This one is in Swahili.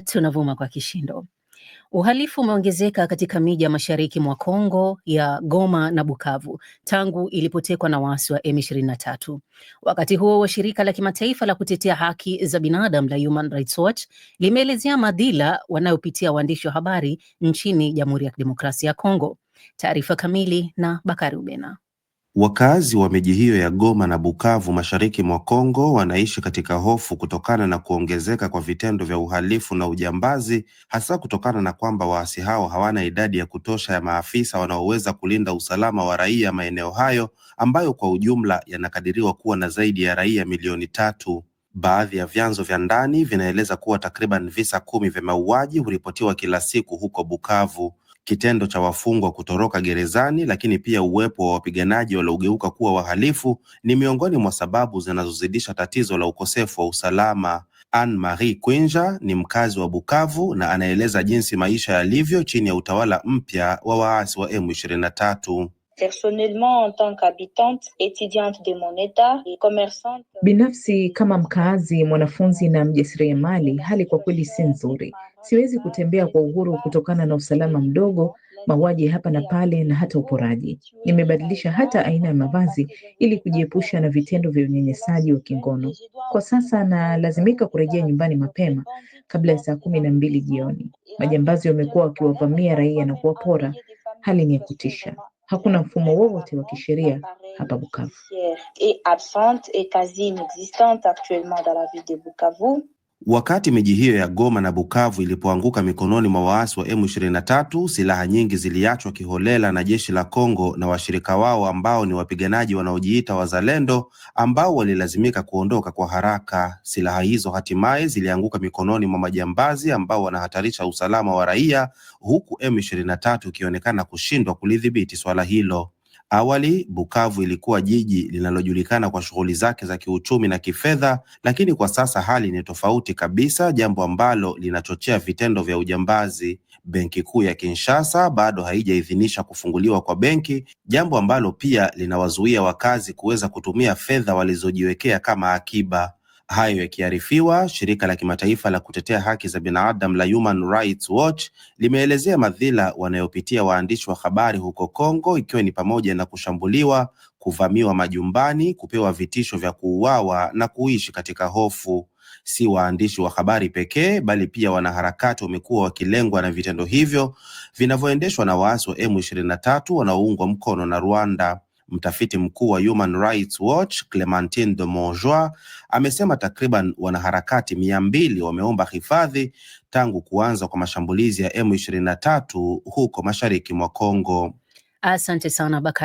Tunavuma kwa kishindo. Uhalifu umeongezeka katika miji ya mashariki mwa Kongo ya Goma na Bukavu tangu ilipotekwa na waasi wa M23. Wakati huo wa shirika la kimataifa la kutetea haki za binadamu la Human Rights Watch limeelezea madhila wanayopitia waandishi wa habari nchini Jamhuri ya Kidemokrasia ya Kongo. Taarifa kamili na Bakari Ubena. Wakazi wa miji hiyo ya Goma na Bukavu mashariki mwa Kongo wanaishi katika hofu kutokana na kuongezeka kwa vitendo vya uhalifu na ujambazi, hasa kutokana na kwamba waasi hao hawana idadi ya kutosha ya maafisa wanaoweza kulinda usalama wa raia maeneo hayo ambayo kwa ujumla yanakadiriwa kuwa na zaidi ya raia milioni tatu. Baadhi ya vyanzo vya ndani vinaeleza kuwa takriban visa kumi vya mauaji huripotiwa kila siku huko Bukavu kitendo cha wafungwa kutoroka gerezani, lakini pia uwepo wa wapiganaji waliogeuka kuwa wahalifu ni miongoni mwa sababu zinazozidisha tatizo la ukosefu wa usalama. Anne Marie Kwinja ni mkazi wa Bukavu na anaeleza jinsi maisha yalivyo chini ya utawala mpya wa waasi wa M23. Personnellement, en tant qu'habitante, étudiante de mon état et commerçante. Binafsi kama mkaazi, mwanafunzi na mjasiriamali, hali kwa kweli si nzuri. Siwezi kutembea kwa uhuru kutokana na usalama mdogo, mauaji hapa na pale, na hata uporaji. Nimebadilisha hata aina ya mavazi ili kujiepusha na vitendo vya unyanyasaji wa kingono. Kwa sasa nalazimika kurejea nyumbani mapema kabla ya saa kumi na mbili jioni. Majambazi wamekuwa wakiwavamia raia na kuwapora. Hali ni ya kutisha hakuna mfumo wowote wa kisheria hapa Bukavu. Wakati miji hiyo ya Goma na Bukavu ilipoanguka mikononi mwa waasi wa M23, silaha nyingi ziliachwa kiholela na jeshi la Kongo na washirika wao ambao ni wapiganaji wanaojiita wazalendo ambao walilazimika kuondoka kwa haraka. Silaha hizo hatimaye zilianguka mikononi mwa majambazi ambao wanahatarisha usalama wa raia, huku M23 ikionekana kushindwa kulidhibiti swala hilo. Awali Bukavu ilikuwa jiji linalojulikana kwa shughuli zake za kiuchumi na kifedha, lakini kwa sasa hali ni tofauti kabisa, jambo ambalo linachochea vitendo vya ujambazi. Benki Kuu ya Kinshasa bado haijaidhinisha kufunguliwa kwa benki, jambo ambalo pia linawazuia wakazi kuweza kutumia fedha walizojiwekea kama akiba. Hayo yakiarifiwa, shirika la kimataifa la kutetea haki za binadamu la Human Rights Watch limeelezea madhila wanayopitia waandishi wa habari huko Kongo, ikiwa ni pamoja na kushambuliwa, kuvamiwa majumbani, kupewa vitisho vya kuuawa na kuishi katika hofu. Si waandishi wa habari pekee, bali pia wanaharakati wamekuwa wakilengwa na vitendo hivyo vinavyoendeshwa na waasi wa M23 wanaoungwa mkono na Rwanda. Mtafiti mkuu wa Human Rights Watch Clementine de Montjoie amesema takriban wanaharakati mia mbili wameomba hifadhi tangu kuanza kwa mashambulizi ya M23 huko mashariki mwa Kongo. Asante sana Baka.